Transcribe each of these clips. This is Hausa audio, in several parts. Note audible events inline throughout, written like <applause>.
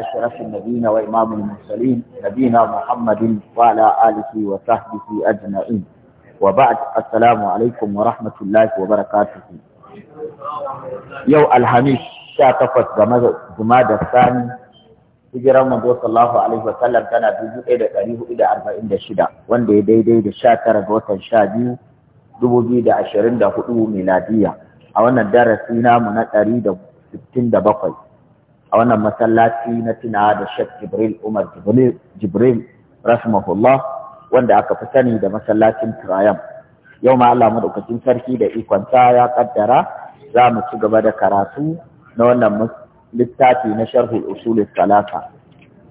أشرف النبيين وإمام المرسلين نبينا محمد وعلى آله وصحبه أجمعين وبعد السلام عليكم ورحمة الله وبركاته يو الحميد شاكفت جماد الثاني hijirar manzo sallallahu alaihi wasallam tana dubu ɗaya da ɗari hudu da arba'in da shida wanda ya daidai da sha tara ga watan sha biyu dubu biyu da ashirin da hudu miladiya a wannan darasi namu na ɗari da sittin da bakwai a wannan masallaci na tuna da Sheikh Jibril Umar Jibril rahimahullah wanda aka fi sani da masallacin Trayam yau ma Allah madaukakin sarki da ikonta ya kaddara za mu ci gaba da karatu na wannan littafi na sharhu usul salasa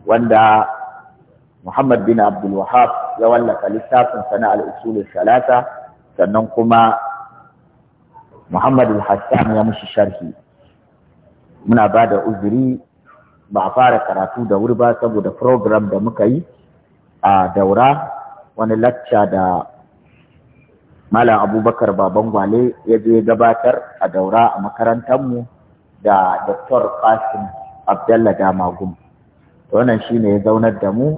wanda Muhammad bin Abdul Wahab ya wallafa littafin sana al-usul salasa sannan kuma Muhammad al-Hassan ya mushi sharhi muna ba da uzuri ba a fara karatu da wuri ba saboda program da muka yi a daura wani lacca da malam abubakar baban gwale ya je gabatar a daura a makarantarmu da dr qasim abdalla damagum wannan shi ne ya zaunar da mu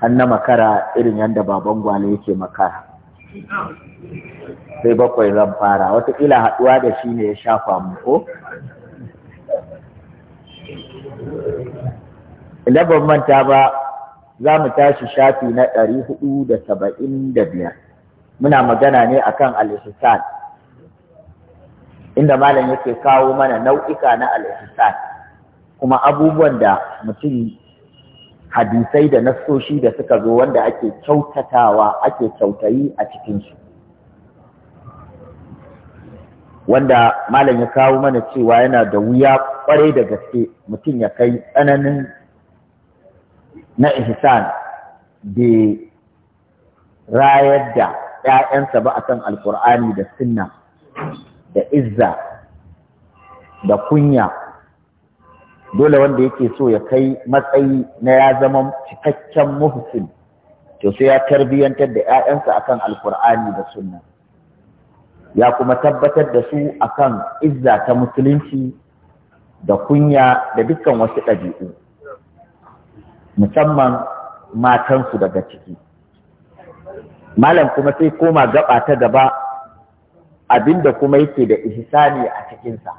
har na makara irin yadda baban gwale yake makara sai bakwai zan fara watakila haduwa da shi ne ya shafa mu ko idan ban manta ba za mu tashi shafi na ɗari hudu da saba'in da biyar muna magana ne akan al-ihsan inda malam yake kawo mana nau'ika na al kuma abubuwan da mutum hadisai da nassoshi da suka zo wanda ake kyautatawa ake kyautayi a cikinsu wanda malam ya kawo mana cewa yana da wuya kwarai da gaske mutum ya kai tsananin na ihsan da rayar da ‘ya'yansa ba a kan Alƙur'ani da sunna da izza da kunya dole wanda yake so ya kai matsayi na ya zama cikakken muhsin to sai ya tarbiyyantar da ‘ya'yansa a kan Alƙur'ani da sunna ya kuma tabbatar da su akan izza ta musulunci da kunya da dukkan wasu ɗabi'u musamman matansu daga ciki malam kuma sai koma gaba ta gaba abinda kuma yake da ihsani a cikinsa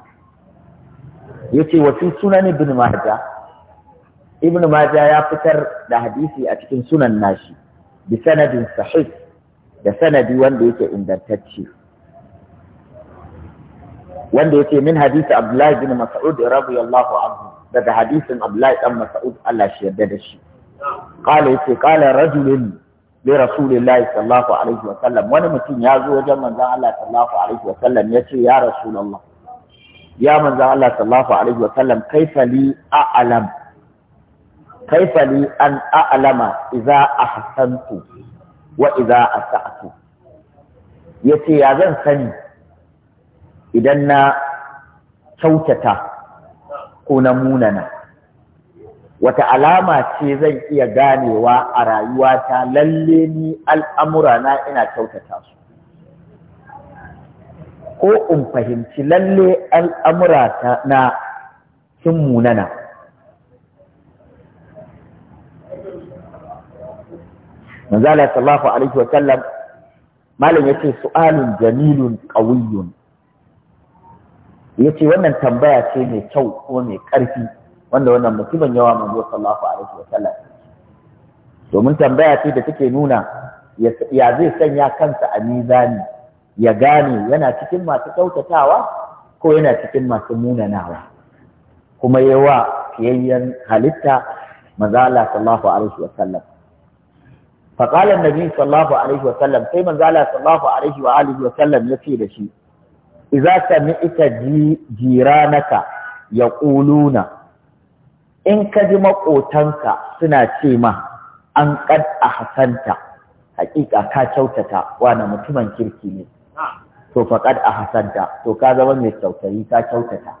Ya ce wasu sunan ibn maja ibn maja ya fitar da hadisi a cikin sunan nashi bi sanadin sahih da sanadi wanda yake ingantacce wanda yake min hadisi Abdullahi bin Mas'ud radiyallahu anhu daga hadisin Abdullahi dan Mas'ud Allah shi yarda da shi qala yace qala rajulun li rasulillahi sallallahu alaihi wa sallam wani mutum ya zo wajen manzon Allah sallallahu alaihi wa sallam ya ce ya rasulullah ya manzon Allah sallallahu alaihi wa sallam kaifa li a'lam kaifa li an a'lama idza ahsantu wa idza asa'tu yace ya zan sani idan na kyautata ko na munana wata alama ce zan iya ganewa a rayuwata lalle ni al'amurana ina kyautata su ko in fahimci lalle al'amurata na sun munana manzala sallallahu alaihi wa sallam malam yace su'alun jamilun qawiyyun ya ce wannan tambaya ce mai kyau kuma mai ƙarfi wanda wannan mutumin yawa manzo sallallahu alaihi wa sallam domin tambaya ce da take nuna ya zai sanya kansa a mizani ya gane yana cikin masu kyautatawa ko yana cikin masu munanawa kuma ya yawa fiyayyen halitta manzo Allah sallallahu alaihi wa sallam فقال النبي صلى الله عليه وسلم كما قال صلى الله عليه وآله وسلم يفي لشيء jira naka jiranaka kuluna. in ka ji maƙotanka suna ce ma an kad hasanta hakika ka kyautata wani mutumin kirki ne to fa a hasanta to ka zama mai kyautayi ka kyautata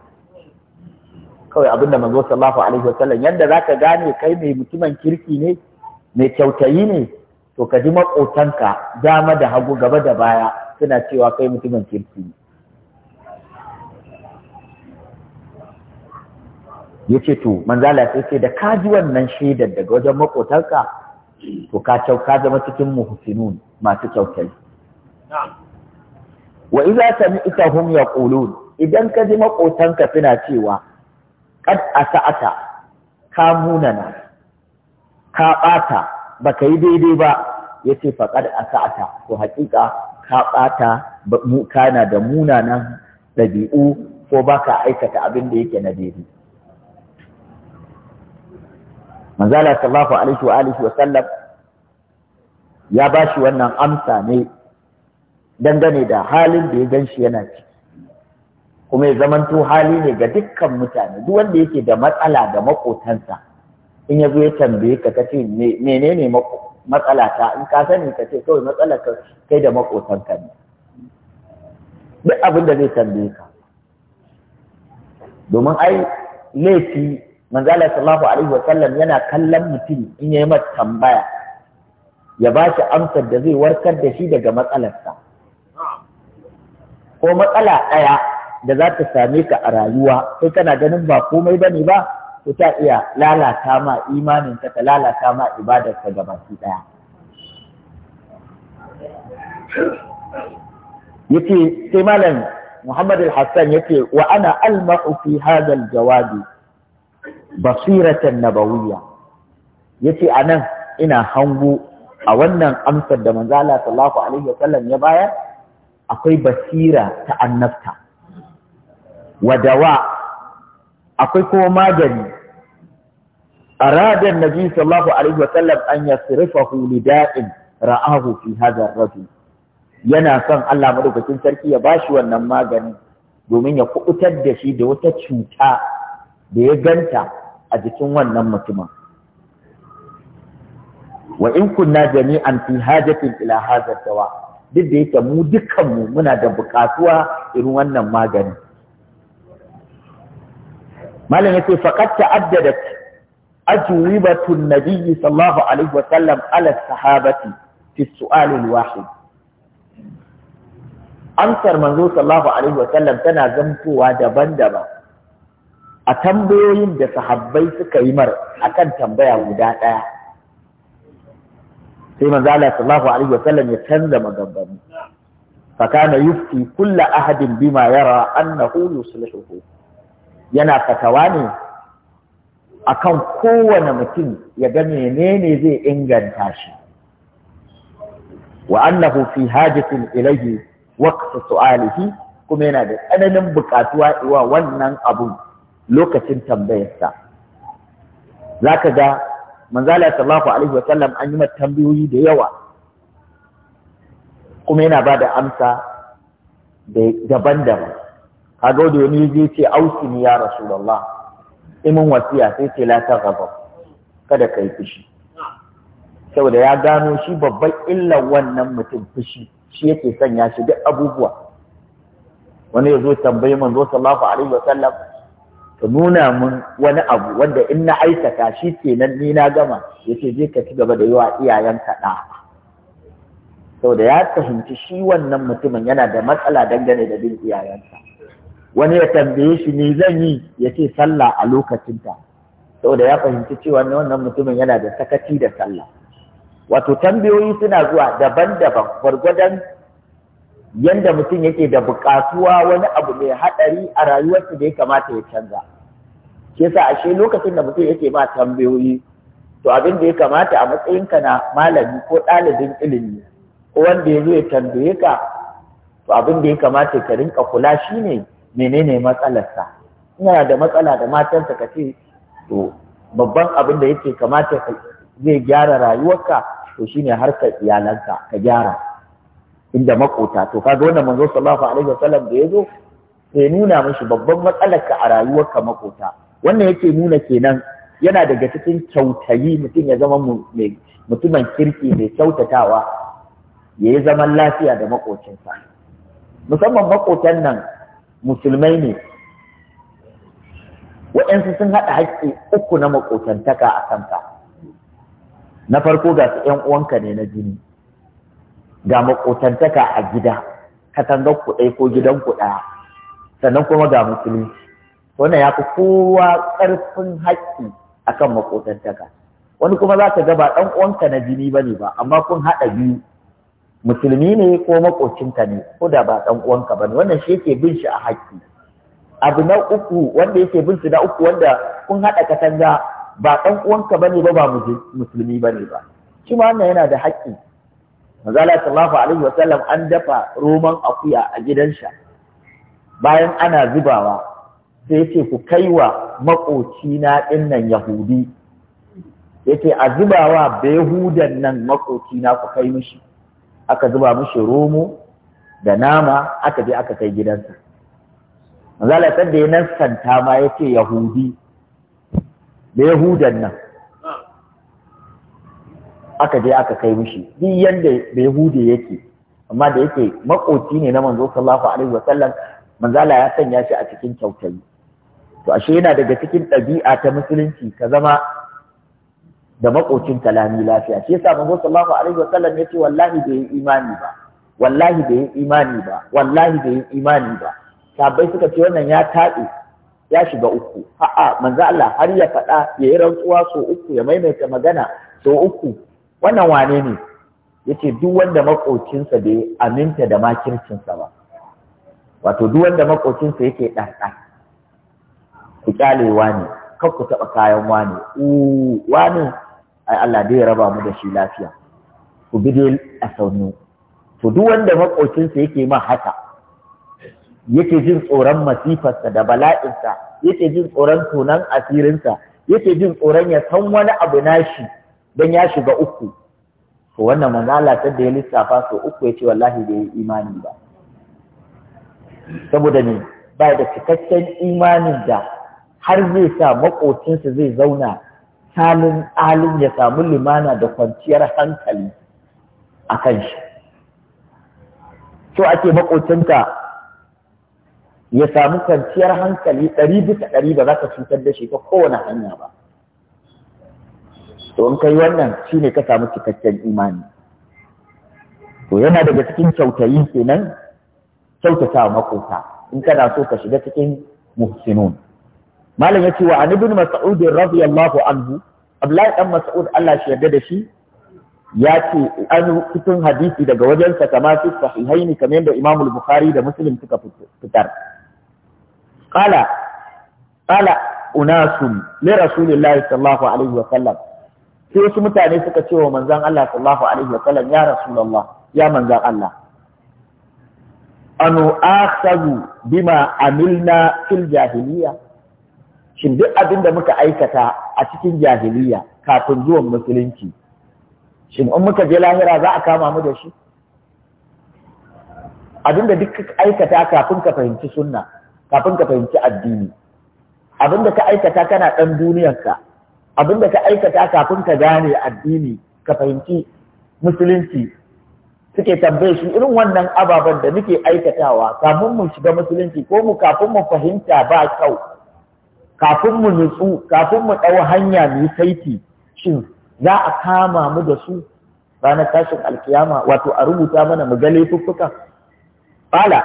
kawai abinda manzo sallallahu alaihi wa sallam yanda zaka gane kai mai mutumin kirki ne mai kyautayi ne to ka ji maƙotanka dama da hagu gaba da baya suna cewa kai mutumin kirki ne Ya ce to manzala sai ce da ka ji wannan shaidar daga wajen makotarka to ka ka zama cikin muhsinun masu kyautai wa idza hum yaqulun idan ka ji makotanka suna cewa qad asa'ata ka munana ka bata baka yi daidai ba yace faqad asa'ata to hakika ka bata mu kana da munanan dabi'u ko baka aikata abin da yake na daidai manzala sallallahu alaihi wa alihi wa sallam ya ba shi wannan amsa ne dangane da halin da ya gan shi yana ciki kuma ya zamanto hali ne ga dukkan mutane duk wanda yake da matsala da makotansa in ya zo ya tambaye ka kace menene matsala ta in ka sani ka ce kawai matsala ka kai da makotanka ne duk abin da zai tambaye ka domin ai laifi Allah sallallahu alaihi wasallam yana kallon mutum in yayi masa tambaya ya ba shi amsar da zai warkar da shi daga matsalarsa ko matsala ɗaya da za ta same ka a rayuwa sai kana ganin ba komai ba ne ba ko ta iya lalata ma ka ta lalata ma gaba ki ɗaya yace sai malam Muhammad al-Hassan yace wa ana almahu fi hadha al-jawabi basiratan nabawiyya yace anan ina hango a wannan amsar da manzo Allah sallallahu alaihi wasallam ya bayar akwai basira ta annabta wa dawa akwai kuma magani arada annabi sallallahu alaihi wasallam an yasrifahu lida'in ra'ahu fi hadha ar-rajul yana son Allah madaukakin sarki ya bashi wannan magani domin ya kubutar da shi da wata cuta da ya ganta a jikin wannan mutumin wa in kunna jami'an fi hajatin ila hadha dawa duk da yake mu dukkan muna da bukatuwa irin wannan magani malam yace faqad ta'addadat ajwibatu an sallallahu alaihi wa sallam ala sahabati fi su'al wahid amsar manzo sallallahu alaihi wa sallam tana zamtowa daban-daban a tambayoyin da sahabbai suka yi mar akan tambaya guda ɗaya sai manzo Allah sallallahu alaihi wasallam ya canza maganganu fa yufti kulla ahadin bima yara annahu yuslihu yana fatawa ne akan kowane mutum ya ga menene zai inganta shi wa annahu fi hajatin ilayhi waqt su'alihi kuma yana da tsananin buƙatuwa wa wannan abun lokacin tambayarsa za ka ga manzala sallallahu alaihi wa sallam an yi mata tambayoyi da yawa kuma yana ba da amsa daban-daban Ka ga wani zai ce ni ya rasulallah. imin wasiya sai ce la gaba kada ka yi fushi saboda ya gano shi babban illar wannan mutum fushi shi yake sanya shi duk abubuwa wani ya zo tambayi manzo sallallahu alaihi wa sallam ka nuna mun wani abu wanda in na aikata shi kenan ni na gama yace je ka ci gaba da yawa iyayenka da saboda ya fahimci shi wannan mutumin yana da matsala dangane da bin iyayensa wani ya tambaye shi ne zan yi ya ce sallah a lokacinta saboda ya fahimci cewa wannan mutumin yana da sakaci da sallah wato tambayoyi suna zuwa daban-daban gwargwadon yanda mutum yake da bukatuwa wani abu mai haɗari a rayuwarsa da ya kamata ya canza shi yasa ashe lokacin da mutum yake ba tambayoyi to abin da ya kamata a matsayinka na malami ko ɗalibin ilimi ko wanda ya zo ya tambaye ka to abin da ya kamata ka rinka kula shine menene matsalarsa ina da matsala da matarsa ka ce to babban abin da yake kamata zai gyara rayuwarka to shine harkar iyalanka ka gyara inda makota to kaga wannan manzo sallallahu alaihi wasallam da yazo sai nuna mishi babban matsalar ka a rayuwar ka makota wannan yake nuna kenan yana daga cikin kyautayi mutum ya zama mutumin kirki mai kyautatawa ya yi zaman lafiya da makocinsa musamman makotan nan musulmai ne waɗansu sun haɗa haƙƙi uku na makotantaka a kanka na farko ga su ‘yan uwanka ne na jini ga makotantaka a gida katangar ku ko gidan ku sannan kuma ga musulunci wannan ya fi kowa ƙarfin haƙƙi akan makotantaka wani kuma za ka ga ba ɗan uwanka na jini ba ne ba amma kun haɗa biyu musulmi ne ko makocinka ne ko da ba ɗan uwanka ba ne wannan shi yake bin shi a haƙƙi abu na uku wanda yake bin shi na uku wanda kun haɗa katanga ba ɗan uwanka ba ne ba ba musulmi ba ne ba shi ma wannan yana da haƙƙi Mazala sallallahu alaihi wasallam an dafa roman akuya a gidansa bayan ana zubawa sai ce ku kaiwa makocina na dinnan Yahudi yace a zubawa hudan nan makocina ku kai mishi aka zuba mishi romo da nama aka je aka kai gidansa Mazala da ya nan santa ma yace Yahudi behudan hudan nan aka je aka kai mishi duk yanda da Yahude yake amma da yake makoci ne na manzo sallallahu alaihi wasallam manzala ya sanya shi a cikin kyautai. to ashe yana daga cikin ɗabi'a ta musulunci ka zama da makocin kalami lafiya shi yasa manzo sallallahu alaihi wasallam yace wallahi bai yi imani ba wallahi bai yi imani ba wallahi bai yi imani ba sabai suka ce wannan ya taɓe ya shiga uku a'a manzo Allah har ya faɗa ya yi rantsuwa so uku ya maimaita magana so uku wannan wane ne ce duk wanda makocinsa bai aminta da makircinsa ba wato duk wanda makocinsa yake ɗanɗa ku kyale wane? kar ku taɓa kayan wane, wane ai Allah dai raba mu da shi lafiya ku bi dai a saunu to duk wanda makocinsa yake ma haka yake jin tsoron masifarsa da bala'insa yake jin tsoron tunan asirinsa yake jin tsoron ya san wani abu nashi dan ya shiga uku to wannan manzo Allah da ya lissafa so uku yace wallahi bai yi imani ba saboda ne ba da cikakken imanin da har zai sa makocinsa zai zauna salin alin ya samu limana da kwanciyar hankali a kan shi so ake makocinka ya samu kwanciyar hankali ɗari bisa ɗari ba za ka cutar da shi ta kowane hanya ba to in kai wannan shine ka samu cikakken imani to yana daga cikin kyautayi kenan kyautata makota in kana so ka shiga cikin muhsinun malam yace wa an ibn mas'ud radiyallahu anhu Abdullahi dan Mas'ud Allah shi yarda da shi ya ce an fitin hadisi daga wajensa kama fi sahihaini kamar yadda Imam Bukhari da Muslim suka fitar qala qala unasun li Rasulillah sallallahu alaihi wa sallam sai wasu mutane suka ce wa manzan Allah sallallahu alaihi wasallam ya rasulullah ya manzan Allah anu akhazu bima amilna fil jahiliya shin duk abin da muka aikata a cikin jahiliya kafin zuwan musulunci shin in muka je lahira za a kama mu da shi abin da duk aikata kafin ka fahimci sunna kafin ka fahimci addini abin da ka aikata kana dan duniyarka abin da ka aikata kafin ka gane addini ka fahimci musulunci suke tambaye shi irin wannan ababen da muke aikatawa kafin mu shiga musulunci ko mu kafin mu fahimta ba kyau kafin mu nutsu kafin mu ɗau hanya mai saiti shin za a kama mu da su ranar tashin alkiyama wato a rubuta mana mu ga laifuffuka qala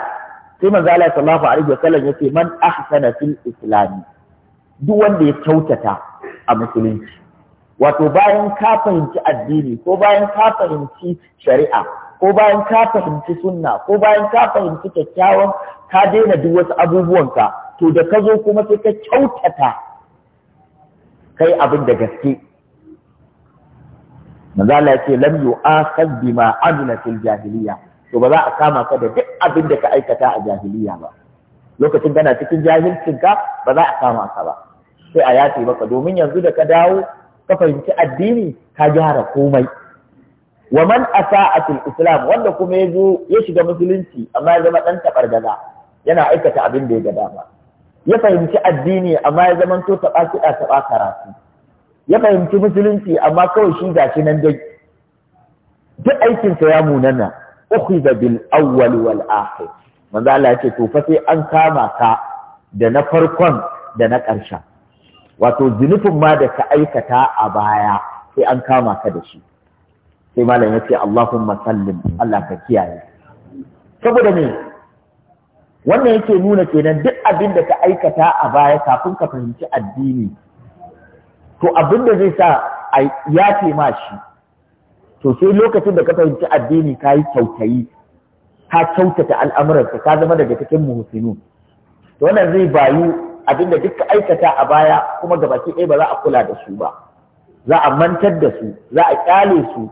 sai manzo Allah sallallahu alaihi wasallam yace man ahsana fil islam duk wanda ya kyautata a musulunci wato bayan ka fahimci addini ko bayan ka fahimci shari'a ko bayan ka fahimci sunna ko bayan ka fahimci kyakkyawan ka daina duk wasu abubuwanka to da ka zo kuma sai ka kyautata kai abin da gaske manzala ya ce lam yu'akhad bima amila fil jahiliya to ba za a kama ka da duk abin da ka aikata a jahiliya ba lokacin kana cikin jahilcinka ba za a kama ka ba sai a yafe maka domin yanzu da ka dawo ka fahimci addini ka gyara komai wa man asa'atul islam wanda kuma ya zo ya shiga musulunci amma ya zama dan tabargaza yana aikata abin da ya ga dama ya fahimci addini amma ya zama to taba kiɗa taba karatu ya fahimci musulunci amma kawai shi gashi nan dai duk aikinsa ya munana ukhidha bil awwal wal akhir manzo Allah ya ce to fa sai an kama ka da na farkon da na ƙarshen wato zunufin ma da ka aikata a baya sai an kama ka da shi sai malam ya ce Allahumma sallim Allah ka kiyaye saboda me wannan yake nuna kenan duk abin da ka aikata a baya kafin ka fahimci addini to abin da zai sa ya ce ma shi to sai lokacin da ka fahimci addini ka yi kyautayi ka kyautata al'amuranka ka zama daga cikin muhsinu to wannan zai bayu abinda duka aikata a baya kuma gabaki ɗaya ba za a kula da su ba za a mantar da su za a kyale su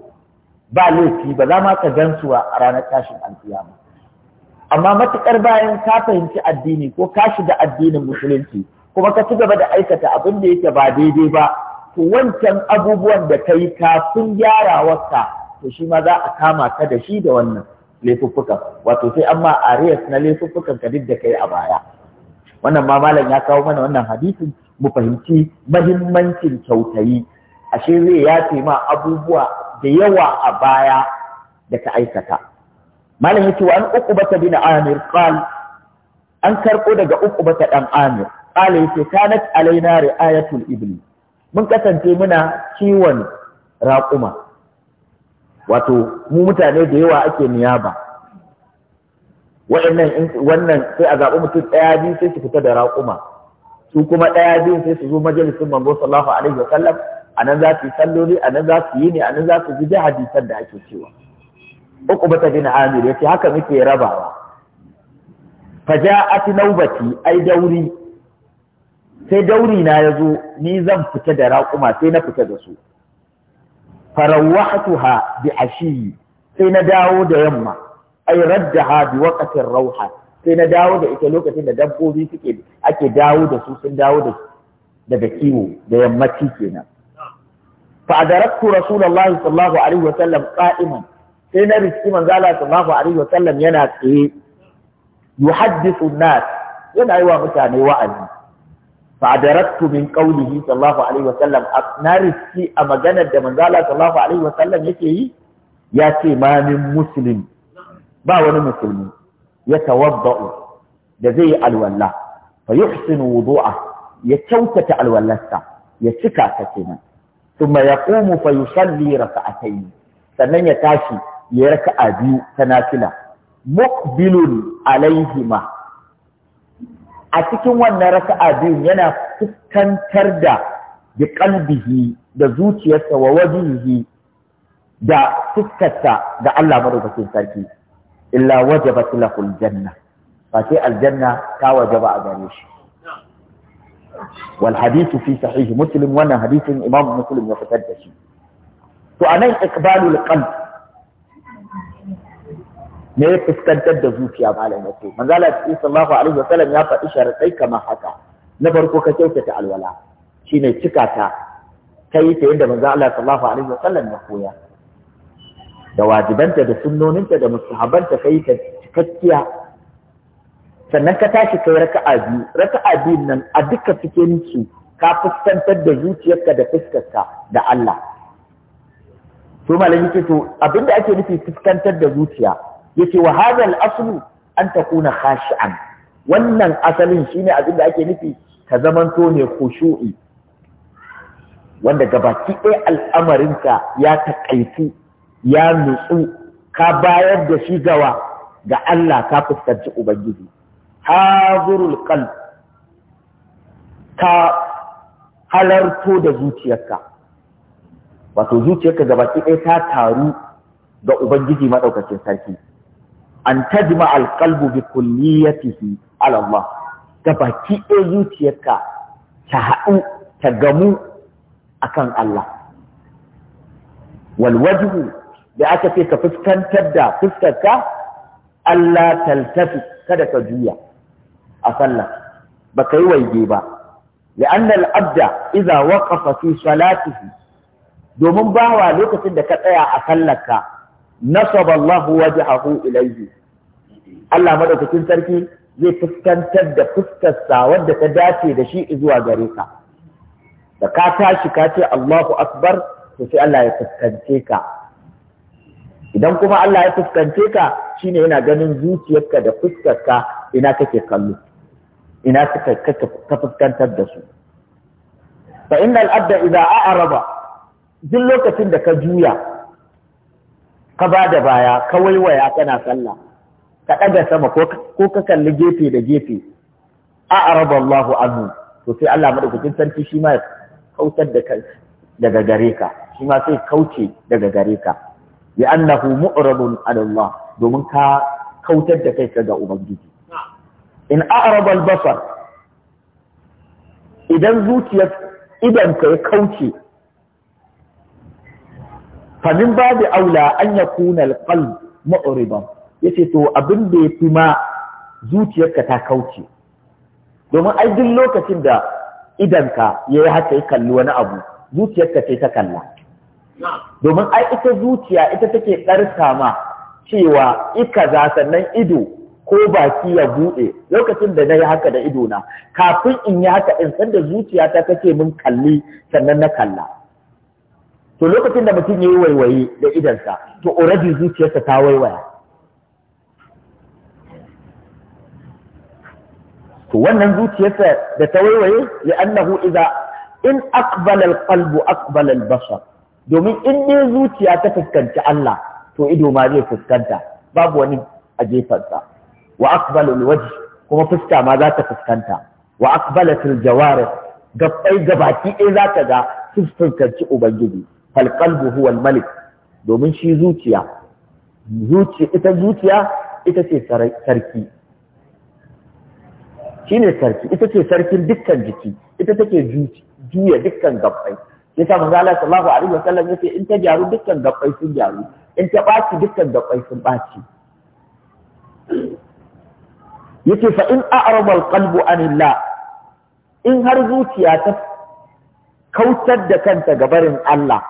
ba laifi ba za ma ka gan su a ranar tashin alkiyama amma matukar bayan ka fahimci addini ko ka shiga addinin musulunci kuma ka ci gaba da aikata abin da yake ba daidai ba to wancan abubuwan da ka yi kafin wasa to shi ma za a kama ka da shi da wannan laifuffukan wato sai amma a na laifuffukan ka duk da kai a baya wannan ma malam ya kawo mana wannan hadisin mu fahimci mahimmancin kyautayi ashe zai ya ma abubuwa da yawa a baya da ka aikata malam yace wa an uqbata bin amir qal an karko daga ta dan amir qala yace kanat alaina ri'ayatul ibli mun kasance muna ciwon raƙuma wato mu mutane da yawa ake niyaba wa'annan wannan sai a zaɓi mutum ɗaya biyu sai su fita da raƙuma su kuma ɗaya biyu sai su zo majalisin manzo sallallahu alaihi wa sallam anan za su salloli anan za su yi ne anan za su ji hadisan da ake cewa uku bata gina amir yace haka muke rabawa faja'at nawbati ai dauri sai dauri na yazo ni zan fita da raƙuma sai na fita da su farawahatuha bi ashi sai na dawo da yamma ai raddaha bi waqtin rauha sai na dawo da ita lokacin da dabbobi suke ake dawo da su sun dawo da daga kiwo da yammaci kenan fa adaraktu rasulullahi sallallahu alaihi wa sallam qa'iman sai na riski manzo Allah sallallahu alaihi wa sallam yana tsaye yuhaddithu nas yana yi wa mutane wa'azi fa adaraktu min qawlihi sallallahu alaihi wa sallam na riski a maganar da manzo Allah sallallahu alaihi wa sallam yake yi ya ce ma min muslim ba wani musulmi ya tawadda'u da zai yi alwala fa yuhsinu wudu'a ya kyautata alwallarsa ya cika ta kenan thumma yaqumu fa yusalli raka'atayn sannan ya tashi ya raka'a biyu ta nafila muqbilun alaihima a cikin wannan raka'a biyun yana fuskantar da bi qalbihi da zuciyarsa wa wajihi da fuskarsa da Allah madaukakin sarki illa wajabat lahu aljanna fa sai aljanna ta wajaba a gare shi wal hadithu fi sahih muslim wannan hadisin imam muslim ya fitar da shi to anan iqbalul qalb ne fuskantar da zuciya malam yace manzo Allah sallallahu alaihi wasallam ya faɗi sharaɗai kamar haka na farko ka kyautata alwala shine cika ta kai ta yadda manzo Allah sallallahu alaihi wasallam ya koya da wajibanta da sunnoninta da mustahabanta kai ta cikakkiya sannan ka tashi kai raka'a biyu raka'a biyun nan a duka cikin su ka fuskantar da zuciyarka da fuskarka da Allah to malami ce to abinda ake nufi fuskantar da zuciya yace wa hadha al-aslu an takuna khashi'an wannan asalin shine abinda ake nufi ka zamanto ne khushu'i wanda gabaki ɗaya al'amarinka ya taƙaitu ya nutsu ka bayar da shi gawa ga Allah ka fuskanci ubangiji hazurul kal, ka halarto da zuciyarka wato zuciyarka gabaki ɗaya ta taru ga ubangiji maɗaukacin sarki an tajma alƙalbu bi kulliyatihi ala Allah gabaki ɗaya zuciyarka ta haɗu ta gamu akan Allah wal wajhu da aka ce ka fuskantar da fuskarka Allah taltafi kada ka juya a sallah ba ka yi waige ba li'anna al-abda idza waqafa fi salatihi domin bawa lokacin da ka tsaya a sallarka nasaba Allah wajhahu ilayhi Allah madaukakin sarki zai fuskantar da fuskarsa wadda ta dace da shi zuwa gare ka da ka tashi ka ce Allahu akbar to sai Allah ya fuskance ka idan kuma Allah ya fuskance ka shine yana ganin zuciyarka da fuskarka ina kake kallo ina ka fuskantar da su fa innal abda idza a'raba duk lokacin da ka juya ka ba da baya ka waiwaya kana sallah ka ɗaga sama ko ka kalli gefe da gefe a'raba Allahu anhu to sai Allah madaukakin sarki shi ma kautar da daga gare ka shi ma sai kauce daga gare ka bi annahu mu'radun ala Allah domin ka kautar da kai ga ubangiji in a'rada al-basar idan zuciyar idan ka ya kauce fa min babu aula an yakuna al-qalb mu'ridan yace to abin da yafi ma zuciyarka ta kauce domin ai duk lokacin da idanka ya yi haka ya kalli wani abu zuciyarka ce ta kalla domin ai ita zuciya ita take ɗarka ma cewa ika za sannan ido ko baki ya buɗe lokacin da na yi haka da ido na kafin in yi haka in sanda zuciya ta kake min kalli sannan na kalla to lokacin da mutum ya yi waiwaye da idansa to already zuciyarsa ta waiwaya to wannan zuciyarsa da ta waiwaye ya annahu idza in aqbala al-qalbu aqbala al-bashar domin in dai zuciya ta fuskanci Allah to ido ma zai fuskanta babu wani a jefansa wa aqbalu alwajh kuma fuska ma za ta fuskanta wa aqbalatil jawarih gabbai gabaki ɗaya za ta ga sun fuskanci ubangiji fal qalbu huwa al malik domin shi zuciya zuciya ita zuciya ita ce sarki shine sarki ita ce sarkin dukkan jiki ita take juya dukkan gabbai yasa manzo Allah sallallahu alaihi wasallam yace in ta jaru dukkan gabbai sun jaru, in ta baci dukkan gabbai sun baci yace fa in a'rada al-qalbu anillah in har zuciya ta kautar da kanta ga barin Allah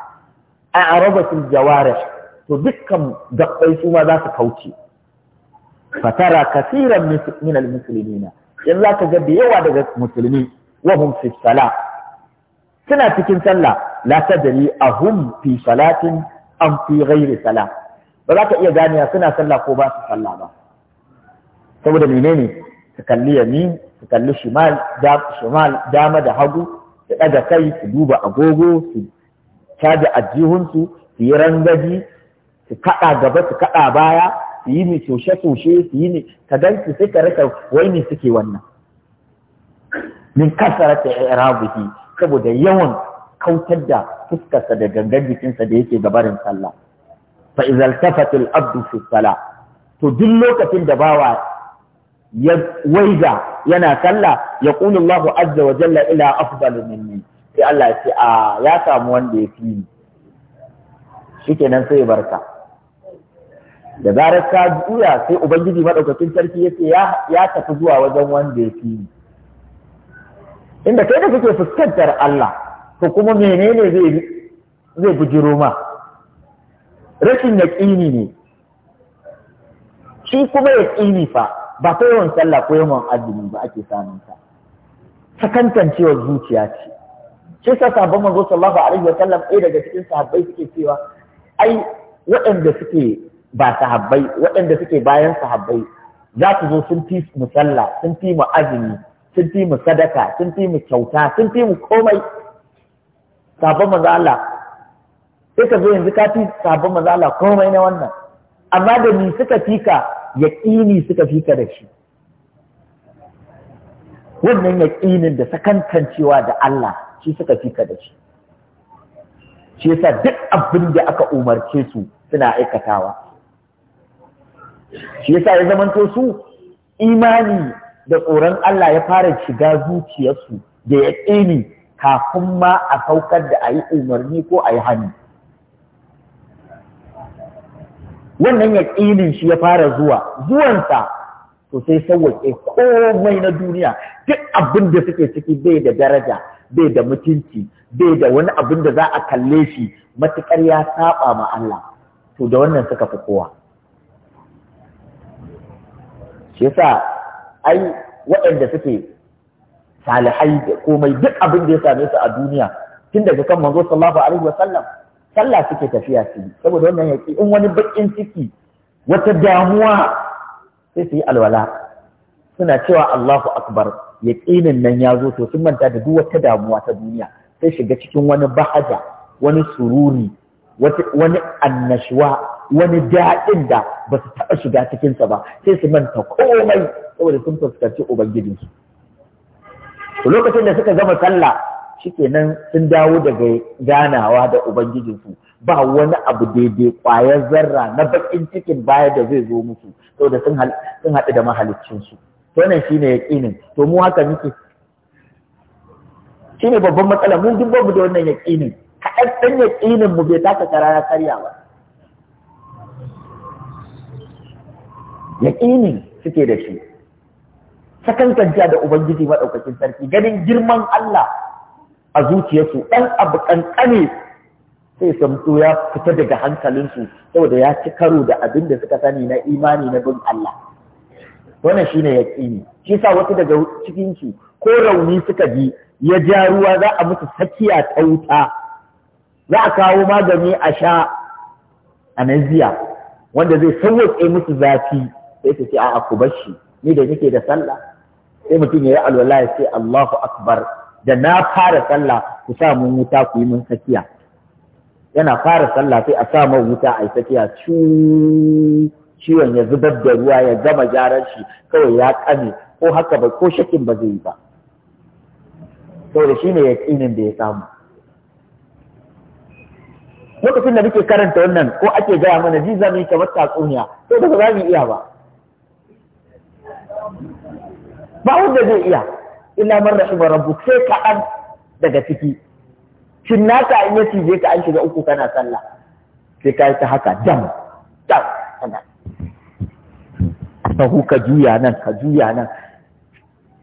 a'rada fil jawarih to dukkan gabbai su ma za su kauce fatara kasiran min al-muslimina in za ka ga da yawa daga musulmi wa hum fi salah suna cikin sallah la tadri ahum fi salatin am fi ghairi salah ba za ka iya ganewa suna sallah ko ba su sallah ba saboda menene su kalli yamin su kalli shimal shimal dama da hagu su daga kai su duba agogo su caji ajihunsu su yi rangaji su kaɗa gaba su kaɗa baya su yi mai toshe-toshe su yi mai ka gan su ka rika wai ne suke wannan min kasarata ta irabihi saboda yawan kautar da fuskarsa da gangar jikinsa da yake gabarin sallah fa izal tafatul abdu fi to duk lokacin da bawa ya waiga yana sallah ya qulu Allahu azza wa jalla ila afdalu minni sai Allah ya ce a ya samu wanda ya fi ni shikenan sai barka da zarar ka juya sai ubangiji madaukakin sarki ya ce ya tafi zuwa wajen wanda ya fi ni inda kai da kake fuskantar Allah to kuma menene zai zai bujiro ma rashin yaqini ne shi kuma yaƙini fa ba ta yawan sallah ko yawan azumi ba ake samun ta cewa zuciya ce shi sa sabon manzo sallallahu alaihi wa sallam ɗaya daga cikin sahabbai suke cewa ai waɗanda suke ba sahabbai waɗanda suke bayan sahabbai za su zo sun fi mu sallah sun fi mu azumi sun fi mu sadaka sun fi mu kyauta sun fi mu komai sabon manzo Allah sai ka zo yanzu ka fi sabon manzo Allah komai na wannan amma da ni suka fika yaqini suka fika da shi wannan yaqinin da sakantancewa da Allah shi suka fika da shi shi yasa duk abin da aka umarce su suna aikatawa shi yasa ya zamanto su imani da tsoron Allah ya fara shiga zuciyarsu da ya ƙini kafin ma a saukar da a yi umarni ko a yi hannu. Wannan ya ƙinin shi ya fara zuwa, zuwansa to sai sauwaƙe komai na duniya duk abin da suke ciki bai da daraja, bai da mutunci, bai da wani abin da za a kalle shi matuƙar ya saba ma Allah. To da wannan suka fi kowa. Shi yasa ai waɗanda suke salihai da komai duk abin da ya same su a duniya tun daga kan manzo sallallahu alaihi wasallam sallah suke tafiya su yi saboda wannan yaki in wani bakin ciki wata damuwa sai su yi alwala suna cewa Allahu akbar yaqinin nan ya zo to sun manta da duk wata damuwa ta duniya sai shiga cikin wani bahaja wani sururi wani annashwa wani daɗin da ba su taɓa shiga cikinsa ba sai su manta komai saboda sun fuskanci ubangijinsu su lokacin da suka gama sallah shi shikenan sun dawo daga ganawa da ubangijinsu ba wani abu daidai ƙwayar zarra na baƙin cikin baya da zai zo musu saboda sun haɗu da mahaliccinsu to wannan shine yaƙinin to mu haka muke shine babban matsala mu duk babu da wannan yaƙinin kaɗan ɗan yaƙinin mu bai taka karaya ya karya ba yaƙini suke da shi jiya da ubangiji maɗaukakin sarki ganin girman Allah a zuciyarsu ɗan abu ƙanƙane sai samto ya fita daga hankalinsu saboda ya ci karo da abin da suka sani na imani na bin Allah wannan shine yaƙini shi sa wasu daga cikinsu ko rauni suka ji ya ja ruwa za a musu sakiya ta wuta za a kawo magani a sha anaziya wanda zai sauwaƙe musu zafi sai su ce a ku bar shi ni da nake da sallah sai mutum ya yi alwala ya ce Allahu akbar da na fara sallah ku sa mun wuta ku yi mun sakiya yana fara sallah sai a sa mun wuta a yi sakiya ciwon ya zubar da ruwa ya gama gyaran shi kawai ya kame ko haka ba ko shakin ba zai yi ba saboda shi ne yaƙinin da ya samu lokacin da muke karanta wannan ko ake gaya mana ji yi kamar tatsuniya sai daga za mu iya ba ba wanda zai iya ina man rahima Rabbu sai kaɗan daga ciki shin naka in ya cije ka an shiga uku kana sallah sai ka ta haka dam dam sahu ka juya nan ka juya nan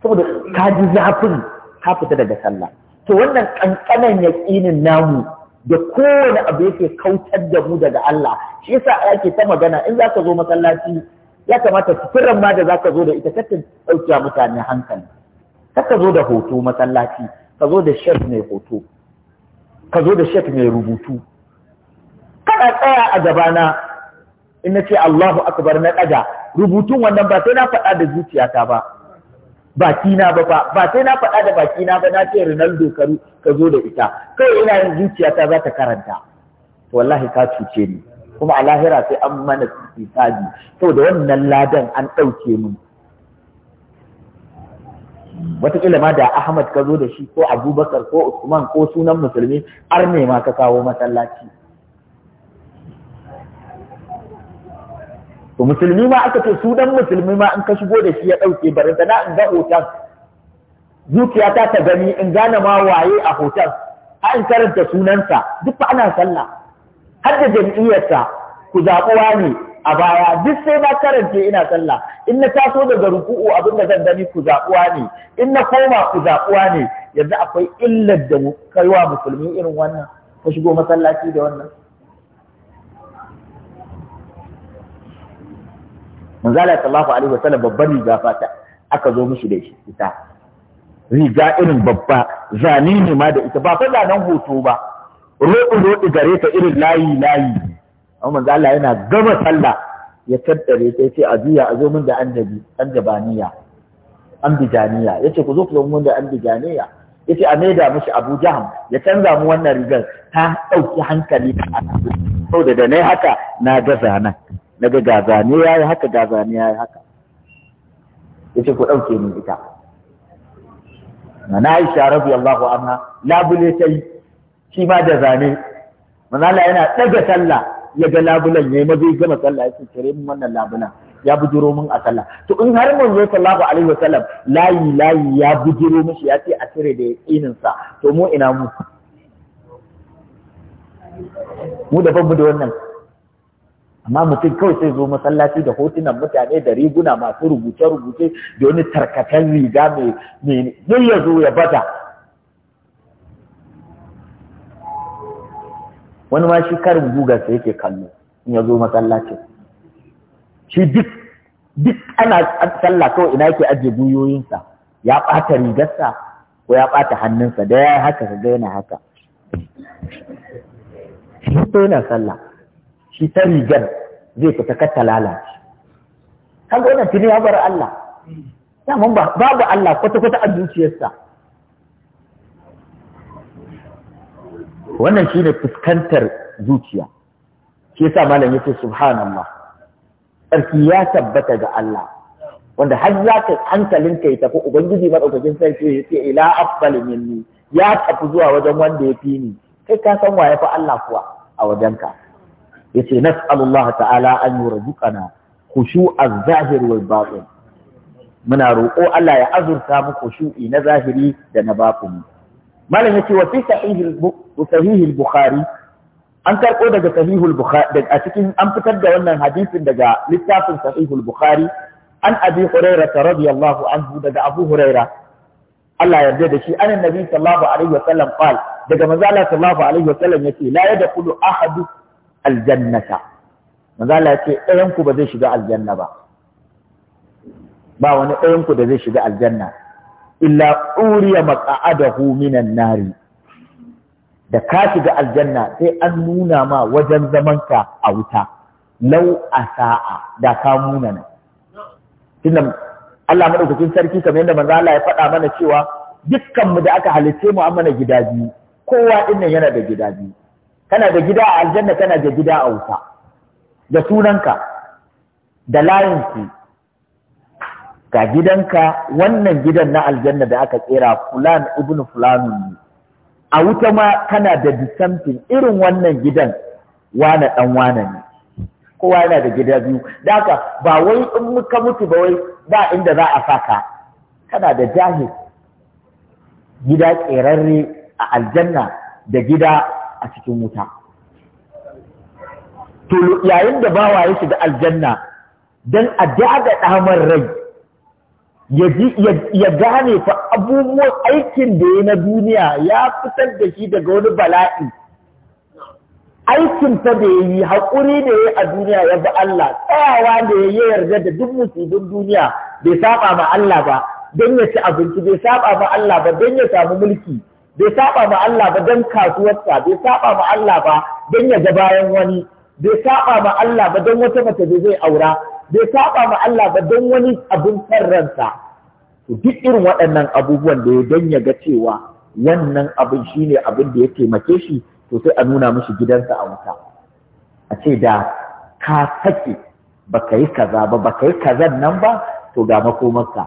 saboda ka ji zafin ka fita daga sallah to wannan kankanan yaƙinin namu da kowane abu yake kautar da mu daga Allah shi yasa ake ta magana in za ka zo masallaci ya kamata sufuran ma da zaka zo da ita ka ɗauki mutane hankali ka zo da hoto masallaci ka zo da shek mai hoto ka zo da shek mai rubutu kana tsaya a gabana in na ce Allahu akbar na ɗaga rubutun wannan ba sai na faɗa da zuciyata ba bakina ba ba ba sai na faɗa da bakina ba na ce Ronaldo ka zo da ita kai ina yin zuciyata za ta karanta wallahi ka cuce ni kuma a lahira sai an mana hisabi da wannan ladan an ɗauke mun wataƙila ma da Ahmad ka zo da shi ko Abubakar ko Usman ko sunan musulmi har ne ma ka kawo masallaci to musulmi ma aka ce sunan musulmi ma in ka shigo da shi ya ɗauke bari na in ga hoton zuciya ta ta gani in gane ma waye a hoton a in karanta sunansa duk fa ana sallah har da jam'iyyarsa ku zaɓuwa ne a baya duk sai na karance ina sallah in na taso daga ruku'u abin da zan gani ku zaɓuwa ne in na koma ku zaɓuwa ne yanzu akwai illar da kai wa musulmi irin wannan ka shigo masallaci da wannan manzala sallallahu alaihi wasallam babban riga fata aka zo mishi da ita riga irin babba zane ne ma da ita ba fa zanen hoto ba roɗi roɗi gare ta irin layi layi amma manzo Allah yana gama sallah ya tattare sai ce a juya a zo min da annabi an jabaniya an bijaniya yace ku zo ku zo min da an bijaniya yace a maida mishi Abu Jaham ya canza mu wannan rigar ta dauki hankali ta saboda da nayi haka na gaza nan ga gazane yayi haka gazane yayi haka yace ku dauke ni ita na Aisha radiyallahu anha labule yi. shi ma da zane manala yana ɗaga sallah ya ga labulan yayi yi ya gama sallah ya cire min wannan labulan ya bujiro min a sallah to in har zo sallahu alaihi wasallam layi layi ya bujiro mishi ya ce a cire da yakinin sa to mu ina mu mu da mu da wannan amma mutum kawai sai zo masallaci da hotunan mutane da riguna masu rubuce-rubuce da wani tarkatan riga mai ne ya zo ya bata wani ma shi karin gugarsa yake kallo in ya zo masallacin shi duk ana sallah kawai ina yake ajiye guyoyinsa ya ɓata rigarsa ko ya ɓata hannunsa da ya haka ka ga yana haka shi to yana sallah shi ta rigar zai fita kata lalace kan wannan tuni ya bar Allah ba babu Allah kwata-kwata a zuciyarsa wannan shine fuskantar zuciya shi yasa malam yace subhanallah sarki ya tabbata ga Allah wanda har za ka hankalin kai tafi ubangiji madaukakin sarki ya ce ila afdal minni ya tafi zuwa wajen wanda ya fi ni kai ka san ya fi Allah kuwa a wajen ka yace nas'alullah ta'ala an yurzuqana khushu'az zahir wal batin muna roƙo Allah ya azurta muku khushu'i na zahiri da na batini malam yace wa fi sahih al-bukhari an karɓo daga sahihul bukhari a cikin an fitar da wannan hadisin daga littafin sahihul bukhari an abi huraira ta radiyallahu anhu daga abu huraira Allah yarda da shi anan nabi sallallahu alaihi wasallam qal daga manzo Allah sallallahu alaihi wasallam yace la yadkhulu ahadu aljannata manzo Allah yace ɗayan ku ba zai shiga aljanna ba ba wani ɗayan ku da zai shiga aljanna illa uriya maqa'adahu minan nari da ka shiga aljanna sai an nuna ma wajen zamanka a wuta lau a sa'a da ka nuna na tunan Allah madaukakin sarki kamar yadda manzo Allah ya faɗa mana cewa dukkan mu da aka halice mu an mana gida kowa dinnan yana da gida kana da gida a aljanna kana da gida a wuta da sunanka da layinki ga gidanka wannan gidan na aljanna da aka kera fulan ibn fulanun ne a wuta ma kana da disamfin irin wannan gidan wane dan wane ne kowa yana da gida biyu da haka ba wai in muka mutu ba wai ba inda za a saka kana da jahil gida kerarre a aljanna da gida a cikin wuta to yayin da bawa ya shiga aljanna dan a daga damar rai ya gane fa abubuwan aikin da ya na duniya ya fitar da shi daga wani bala'i aikin ta da ya yi haƙuri da ya a duniya ya bi Allah tsawawa da ya yi yarda da duk musulun duniya bai saba ma Allah ba don ya ci abinci bai saba ma Allah ba don ya samu mulki bai saba ma Allah ba don kasuwarsa bai saba ma Allah ba don ya ga bayan wani bai saba ma Allah ba don wata mace da zai aura bai saba ma Allah ba don wani abin ransa to duk irin waɗannan abubuwan da ya dan ga cewa wannan abin shine abin da ya taimake shi to sai a nuna mashi gidansa a wuta a ce da ka sake baka yi kaza ba baka yi kazan nan ba to ga makomarka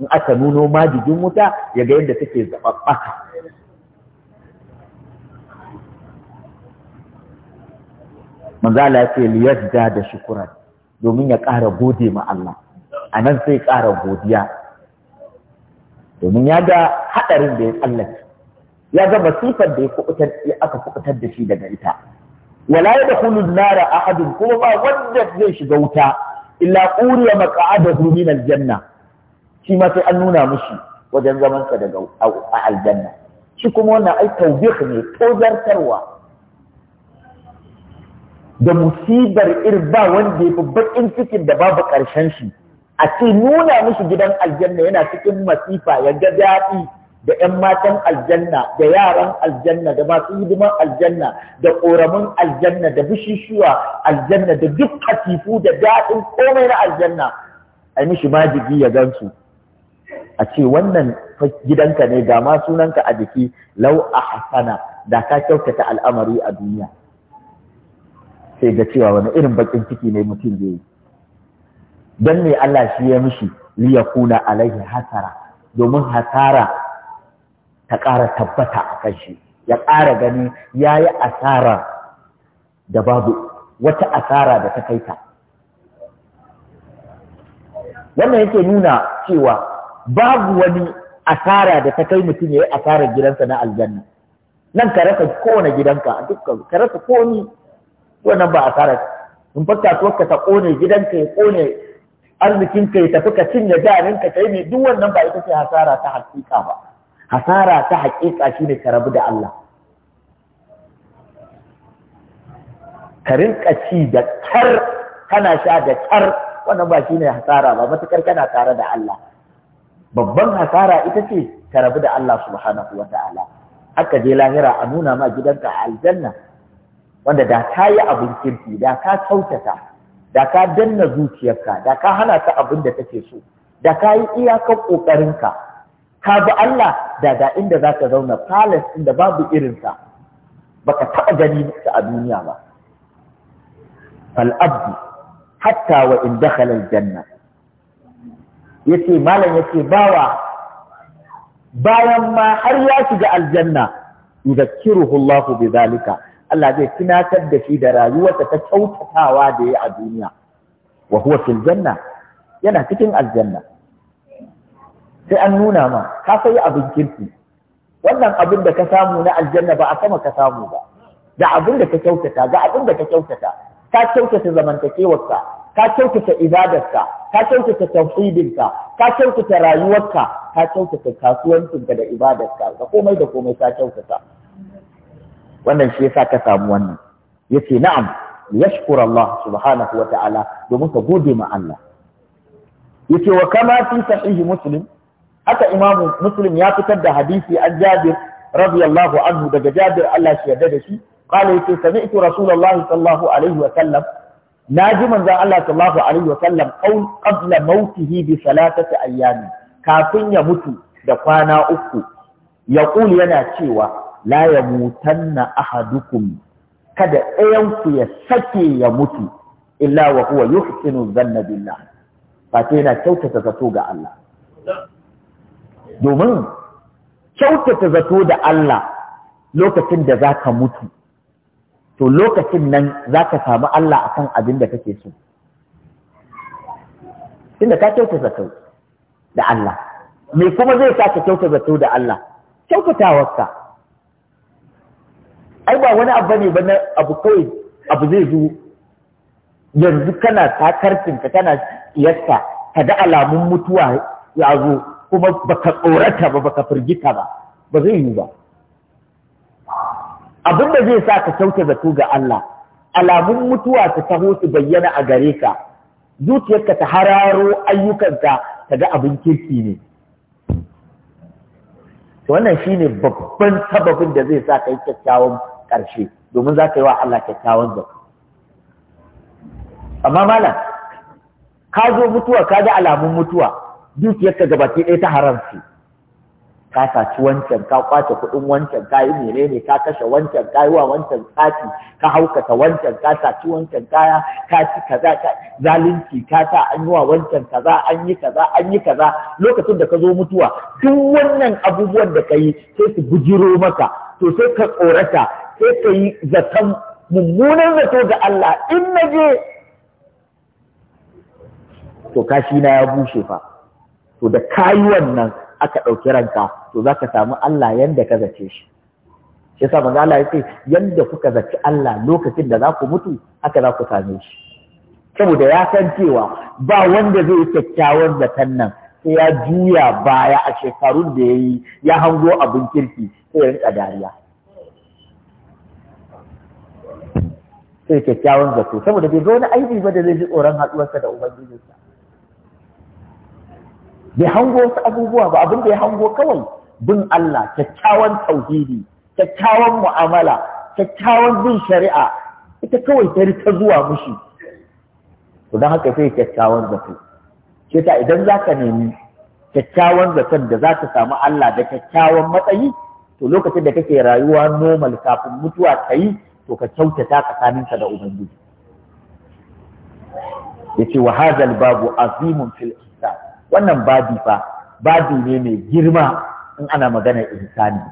in aka nuno majigin wuta ya ga yadda take zaɓaɓɓaka manzala ya ce liyar da shukuran domin ya ƙara gode ma Allah a nan sai ƙara godiya domin ya ga haɗarin da ya tsallake ya ga masifar da ya kubutar aka kuɓutar da shi daga ita wala ya kulun nara ahadun kuma ba wanda zai shiga wuta illa quriya maq'adahu min aljanna shi ma sai an nuna mushi wajen zamansa sa daga aljanna shi kuma wannan ai tawbih ne tozartarwa da musibar irba wanda ya fi baƙin cikin da babu ƙarshen shi a ce nuna mishi gidan aljanna yana cikin masifa ya ga daɗi da ‘yan matan aljanna da yaran aljanna da masu hidiman aljanna da ƙoramin aljanna da bishishuwa aljanna da duk katifu da daɗin komai na aljanna a mishi majigi ya gansu a ce wannan gidanka ne ga ma sunanka a jiki lau a hasana da ka kyautata al'amari a duniya sai ga cewa wani irin bakin ciki ne mutum da yi Don ne Allah shi ya mishi liyakuna alaihi hasara domin hasara ta ƙara tabbata a kan shi ya ƙara gani ya yi asara da babu wata asara da ta kai ta wannan yake nuna cewa babu wani asara da ta kai mutum ya yi asarar gidansa na aljanna nan ka rasa kowane gidanka a dukkan ka rasa komi wannan ba asara in fa kasuwar ka ta kone gidanka ya kone arzikin ka ya tafi ka cinye jarin ka kai ne duk wannan ba ita ce hasara ta hakika ba hasara ta hakika shine ka rabu da Allah ka rinka ci da kar kana sha da kar wannan ba shine hasara ba matukar kana tare da Allah babban hasara ita ce ka rabu da Allah subhanahu wa ta'ala aka je lahira a nuna ma gidanka a aljanna wanda da ka yi abin kirki da ka kyautata da ka danna zuciyarka da ka hana ta abin da take so da ka yi iyakar ƙoƙarinka ka bi Allah da da inda za ka zauna palace inda babu irinsa baka taɓa gani ta a duniya ba fal'abdu hatta wa in dakhala aljanna yace malam yace bawa bayan ma har ya shiga aljanna yudhakkiruhu Allahu bi zalika Allah zai tunatar da shi da rayuwarsa ta kyautatawa da ya a duniya wa huwa fil janna yana cikin aljanna sai an nuna ma ka sai abin kirki wannan abin da ka samu na aljanna ba a sama ka samu ba da abin da ka kyautata ga abin da ka kyautata ka kyautata zamantakewarka ka kyautata ibadarka ka kyautata tauhidinka ka kyautata rayuwarka ka kyautata kasuwancinka da ibadarka ga komai da komai ka kyautata wannan shi yasa ka samu wannan yace na'am yashkur Allah subhanahu wa ta'ala domin ka gode ma Allah yace wa kama fi sahih muslim haka imamu muslim ya fitar da hadisi an jabir radiyallahu anhu daga jabir Allah shi yadda da shi qala yace sami'tu rasulullahi sallallahu alaihi wa sallam naji manzon Allah sallallahu alaihi wa sallam qaul qabla mautihi bi salatati ayyami kafin ya mutu da kwana uku yaqul yana cewa la ya mutanna ahadukum kada ɗayanku ya sake ya mutu illa wa huwa yuhsinu zanna billah ba ta yana kyautata zato ga Allah domin kyautata zato da Allah lokacin da za ka mutu to lokacin nan za ka samu Allah akan abin da kake so tunda ka kyautata zato da Allah me kuma zai sa ka kyauta zato da Allah kyautatawarka ai ba wani abu ne ba na abu kawai abu zai zo yanzu kana takarkin ka kana siyasta ka da alamun mutuwa ya zo kuma baka tsorata ba baka firgita ba ba zai yi ba abin da zai sa ka kyauta zato ga Allah alamun mutuwa ta taho su bayyana a gare ka zuciyarka ta hararo ayyukanka ta ga abin kirki ne wannan shine babban sababin da zai sa ka yi kyakkyawan ƙarshe domin za ka yi wa Allah kyakkyawan zato amma mana ka zo mutuwa ka ji alamun mutuwa dukiyarka gabaki ɗaya ta haramci ka saci wancan ka kwace kuɗin wancan ka yi menene ka kashe wancan ka yi wa wancan tsaki, ka haukata wancan ka saci wancan kaya ka ci kaza ka zalunci ka sa an yi wa wancan kaza an yi kaza an yi kaza lokacin da ka zo mutuwa duk wannan abubuwan da ka yi sai su bujiro maka to sai ka tsorata sai ka yi zaton mummunan zato ga Allah in na je to kashi na ya bushe fa to da kayi wannan aka ɗauki ranka to za ka samu Allah yadda ka zace shi shi yasa manzo Allah ce yanda kuka zaci Allah lokacin da za ku mutu haka za ku same shi saboda ya san cewa ba wanda zai kyakkyawan zaton nan sai ya juya baya a shekarun da ya yi ya hango abin kirki sai ya rinka dariya sai kyakkyawan zato saboda bai zo wani aibi ba da zai ji tsoron haɗuwarsa da ubangijinsa bai hango wasu abubuwa ba abin da ya hango kawai bin Allah kyakkyawan tauhidi kyakkyawan mu'amala kyakkyawan bin shari'a ita kawai ta rika zuwa mushi to don haka sai kyakkyawan zato ce ta idan za ka nemi kyakkyawan zaton da za ka samu Allah da kyakkyawan matsayi to lokacin da kake rayuwa normal kafin mutuwa ka yi to ka kyautata tsakaninka da ubangiji yace wa hadal babu azimun fil ihsan wannan babi fa babu ne mai girma in ana magana ihsani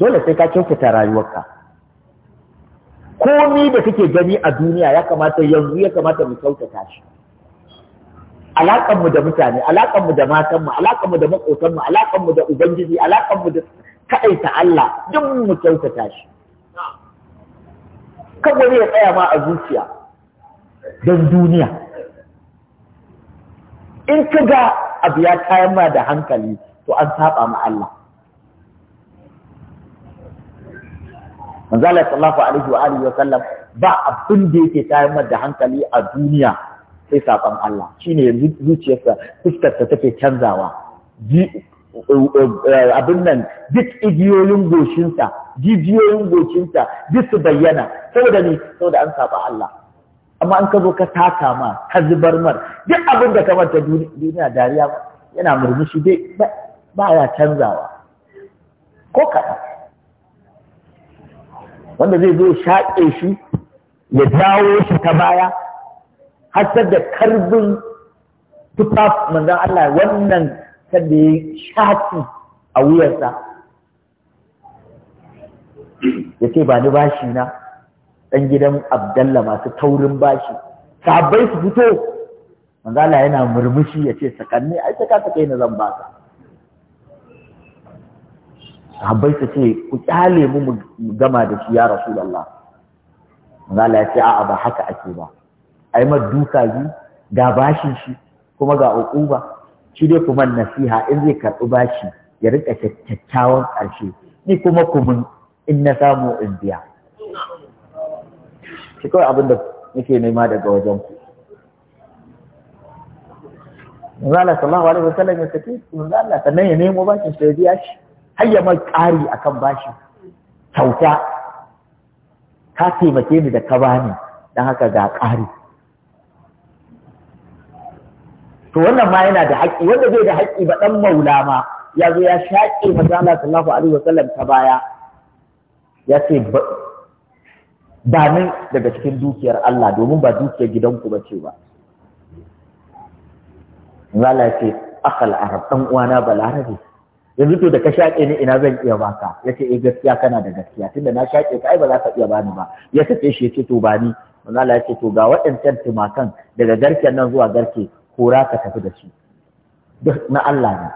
dole sai ka kyautata rayuwarka komi da kake gani a duniya ya kamata yanzu ya kamata mu kyautata shi alaƙanmu da mutane alaƙanmu da matanmu alaƙanmu da maƙotanmu alaƙanmu da ubangiji alaƙanmu da kaɗaita Allah duk mu kyautata shi kawai ya tsaya ma a zuciya don duniya in ka ga abu ya kayan ma da hankali to an saba ma Allah manzala sallallahu alaihi wa alihi wa sallam ba abin da yake kayan ma da hankali a duniya sai saban Allah shine yanzu zuciyarsa fuskarsa take canzawa abin nan duk igiyoyin goshinsa jijiyoyin goshinsa duk su bayyana saboda ni saboda an saba Allah amma an ka zo ka taka ma ka zubar mar duk abin da ka manta duniya dariya yana murmushi dai ba ya canzawa ko kaɗan wanda zai zo shaƙe shi ya dawo shi ta baya har da karbin tufaf manzan Allah wannan kada ya shafi a wuyarsa ya ce ba ni bashi na ɗan gidan abdalla masu taurin bashi sabai su fito manzala yana murmushi ya ce sakanni ai saka saka na zan baka sabai su ce ku kyale mu mu gama da shi ya rasu Allah manzala ya ce a'a ba haka ake ba ai ma duka bi ga bashi shi kuma ga ba. shi dai kuma nasiha in zai karɓi bashi ya rika kyakkyawan ƙarshe ni kuma kumin in na samu in biya shi kawai abin da nake nema daga wajen ku Manzala sallallahu alaihi wasallam ya kace Manzala sannan ya nemo bashin sai biya shi hayya mai ƙari akan bashi kyauta ka taimake ni da ka bani dan haka ga ƙari to wannan ma yana da haƙƙi wanda zai da haƙƙi ba ɗan maula ma ya zo ya shaƙe manzala sallallahu alaihi wasallam ta baya ya ce ba ni daga cikin dukiyar Allah domin ba dukiyar gidanku ba ce ba manzala ya ce akal arab dan uwana balarabe yanzu to da ka shaƙe ni ina zan iya baka ya ce eh gaskiya kana da gaskiya tunda na shaƙe ka ai ba za ka iya bani ba ya sace shi ya ce to ba ni manzala ya ce to ga waɗancan tumakan daga garken nan zuwa garke kora ka tafi da su duk na Allah ne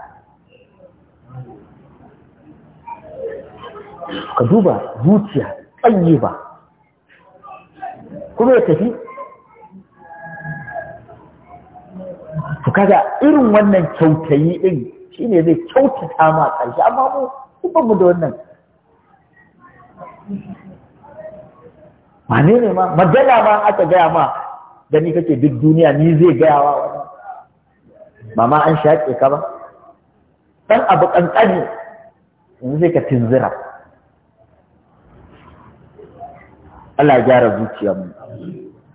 ka duba zuciya tsaye ba kuma ya tafi Ku kaga irin wannan kyautayi din shine zai kyautata ma ƙarshe amma mu kuma mu da wannan Ma ne ma magana ma aka gaya ma da ni kake duk duniya ni zai gaya wa ba ma an shaƙe ka ba ɗan abu ƙanƙani yanzu zai ka tunzira Allah ya gyara zuciyarmu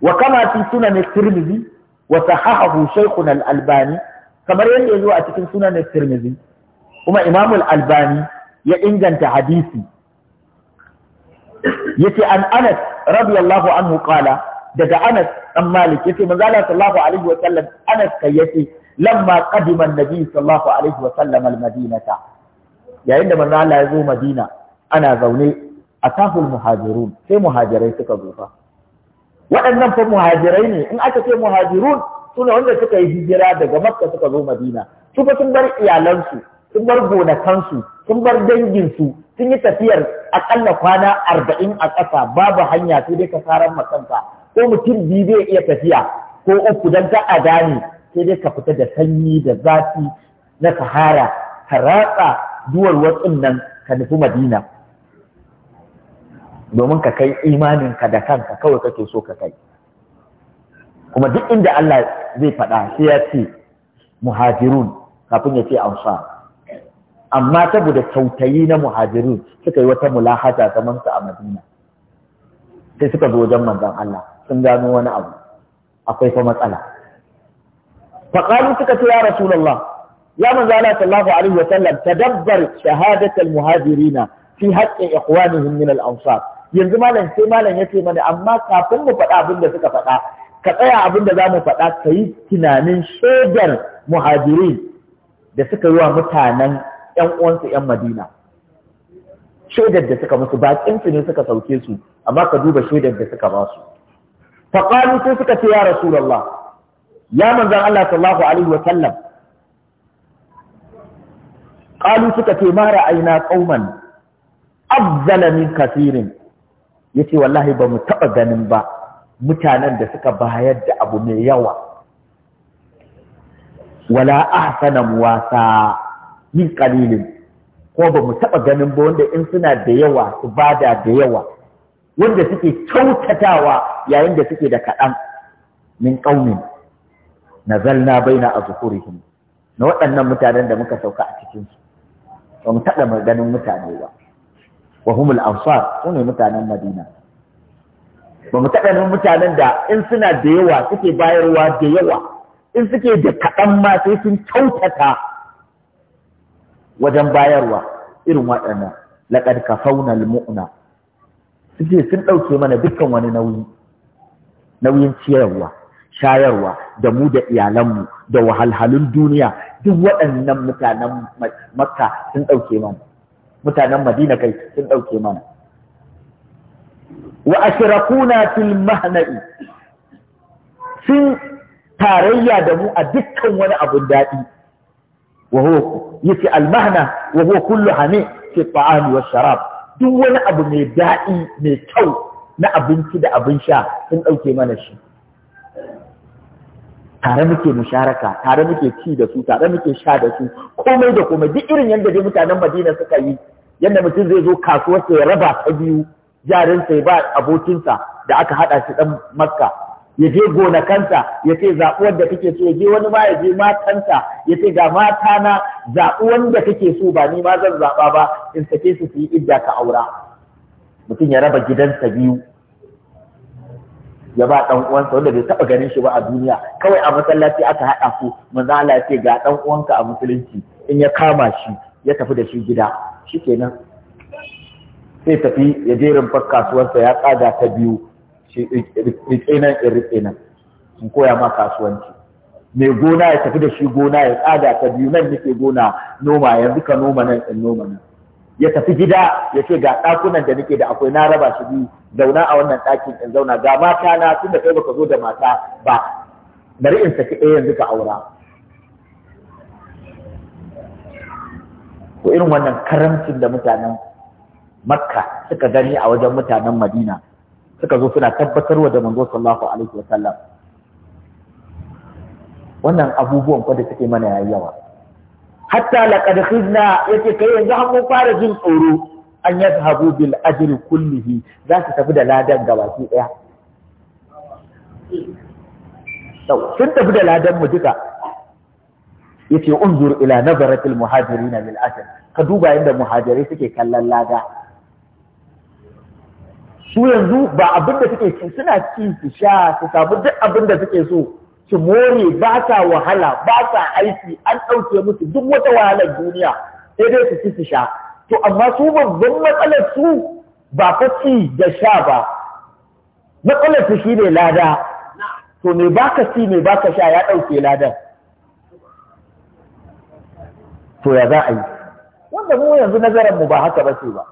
wa kama fi sunan tirmidhi wa sahahahu shaykhuna al-albani kamar yadda ya zo a cikin sunan tirmidhi kuma imam al-albani ya inganta hadisi yace an anas radiyallahu anhu qala daga anas dan malik yace manzo Allah sallallahu alaihi wa sallam anas kai yace lamma qadima annabi sallallahu alaihi wa sallam almadinata yayin da manzo Allah ya zo Madina ana zaune atahul muhajirun sai muhajirai suka zo fa waɗannan fa muhajirai ne in aka ce muhajirun sune wanda suka yi hijira daga Makka suka zo Madina su fa sun bar iyalansu sun bar gonakansu sun bar danginsu sun yi tafiyar akalla kwana arba'in a ƙasa babu hanya sai dai ka saran ko mutum biyu zai iya tafiya ko uku dan ta adani sai dai ka fita da sanyi da zafi na sahara ka ratsa duwar watsin nan ka nufi madina domin ka kai imanin ka da kanka kawai kake so ka kai kuma duk inda Allah zai faɗa sai ya ce muhajirun kafin ya ce amsa amma saboda kyautayi na muhajirun suka yi wata mulahaza zaman su a madina sai suka zo wajen manzon Allah sun gano wani abu akwai fa matsala فقالوا سكت يا رسول الله يا من زال صلى الله عليه وسلم تدبر شهادة المهاجرين في حق إخوانهم من الأنصار yanzu malam sai malam ya ce mani amma kafin mu faɗa abinda da suka faɗa ka tsaya abin da za mu faɗa ka yi tunanin shaidar muhajirin da suka yi wa mutanen ‘yan uwansu ‘yan Madina. Shaidar da suka musu baƙinsu ne suka sauke su, amma ka duba shaidar da suka ba su. Faƙalu sai suka ce ya Rasulallah, ya manzan Allah sallallahu alaihi wa sallam qalu suka ce ma ra'ayna qauman afdala min kathirin yace wallahi ba mu taba ganin ba mutanen da suka bayar da abu mai yawa wala ahsana muwasa min qalilin ko ba mu taba ganin ba wanda in suna da yawa su bada da yawa wanda suke kyautatawa yayin da suke da kaɗan min ƙaunin nazalna baina azkurihim na waɗannan mutanen da muka sauka a cikin su ba mu taɓa maganin mutane ba wa humul ansar sune mutanen madina ba mu taɓa nan mutanen da in suna da yawa suke bayarwa da yawa in suke da kaɗan ma sai sun kyautata wajen bayarwa irin waɗannan laƙar ka fauna almu'na suke sun ɗauke mana dukkan wani nauyi nauyin ciyarwa shayarwa da mu da iyalanmu da wahalhalun duniya duk waɗannan mutanen makka sun ɗauke mana mutanen madina kai sun ɗauke mana wa ashrakuna fil mahna'i sun tarayya da mu a dukkan wani abun daɗi wa huwa yace al mahna wa huwa kullu hani fi wa sharab duk wani abu mai daɗi mai kyau na abinci da abin sha sun ɗauke mana shi tare muke musharaka tare muke ci da su tare muke sha da su komai da komai duk irin yadda dai mutanen Madina suka yi yadda mutum zai zo kasuwar sai raba ta biyu jarin sai ba abokinsa da aka hada shi dan Makka ya je gonakanta ya ce zaɓi wanda kake so ya je wani ma ya je matanta ya ce ga mata na zaɓi da kake so ba ni ma zan zaɓa ba in sake su su yi idda ka aura mutum ya raba gidansa biyu ya ba dan uwansa wanda bai taba ganin shi ba a duniya kawai a masallaci aka haɗa su manzo Allah ce ga dan uwanka a musulunci in ya kama shi ya tafi da shi gida shikenan sai tafi ya je rumfar kasuwarsa ya tsaga ta biyu shi rike nan in rike nan in koya ma kasuwanci mai gona ya tafi da shi gona ya tsaga ta biyu nan nake gona noma yanzu ka noma nan in noma nan ya tafi gida ya ce ga ɗakunan da nake da akwai na raba shi biyu zauna a wannan ɗakin in zauna ga mata na tun da kai baka zo da mata ba bari in saki ɗaya yanzu ka aura Ko irin wannan karancin da mutanen makka suka gani a wajen mutanen madina suka zo suna tabbatarwa da manzo sallallahu alaihi sallam wannan abubuwan kwada da suke mana yayi yawa hatta laqad khidna yace kai yanzu har mun fara jin tsoro an Habu bil ajr kullihi za su tafi da ladan gabaki daya to sun tafi da ladan mu duka yace unzur ila nazaratil muhajirin lil ajr ka duba inda muhajirai suke kallon lada su yanzu ba abin da suke ci suna ci su sha su samu duk abinda suke so su more ba sa wahala ba sa aiki an ɗauke musu duk wata wahalar duniya sai dai su ci su sha to amma su babban matsalar su ba fa ci da sha ba matsalar su shi ne lada to me baka ci me baka sha ya ɗauke ladan to ya za a yi wanda mu yanzu nazarin mu ba haka ba ce ba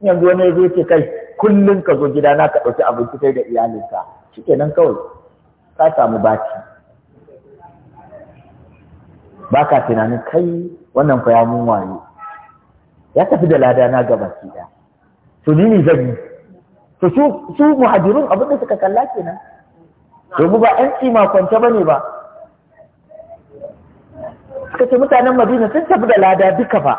yanzu wani zai ce kai kullum ka zo gida na ka ɗauki abinci kai da iyalinka shikenan kawai ka samu baci ba ka tunanin kai wannan fa ya mun waye ya tafi da lada na gaba ki da to ni ne zan yi to su su muhajirun abin da suka kalla kenan domin ba ƴan tsima kwance bane ba suka ce mutanen Madina sun tafi da lada duka fa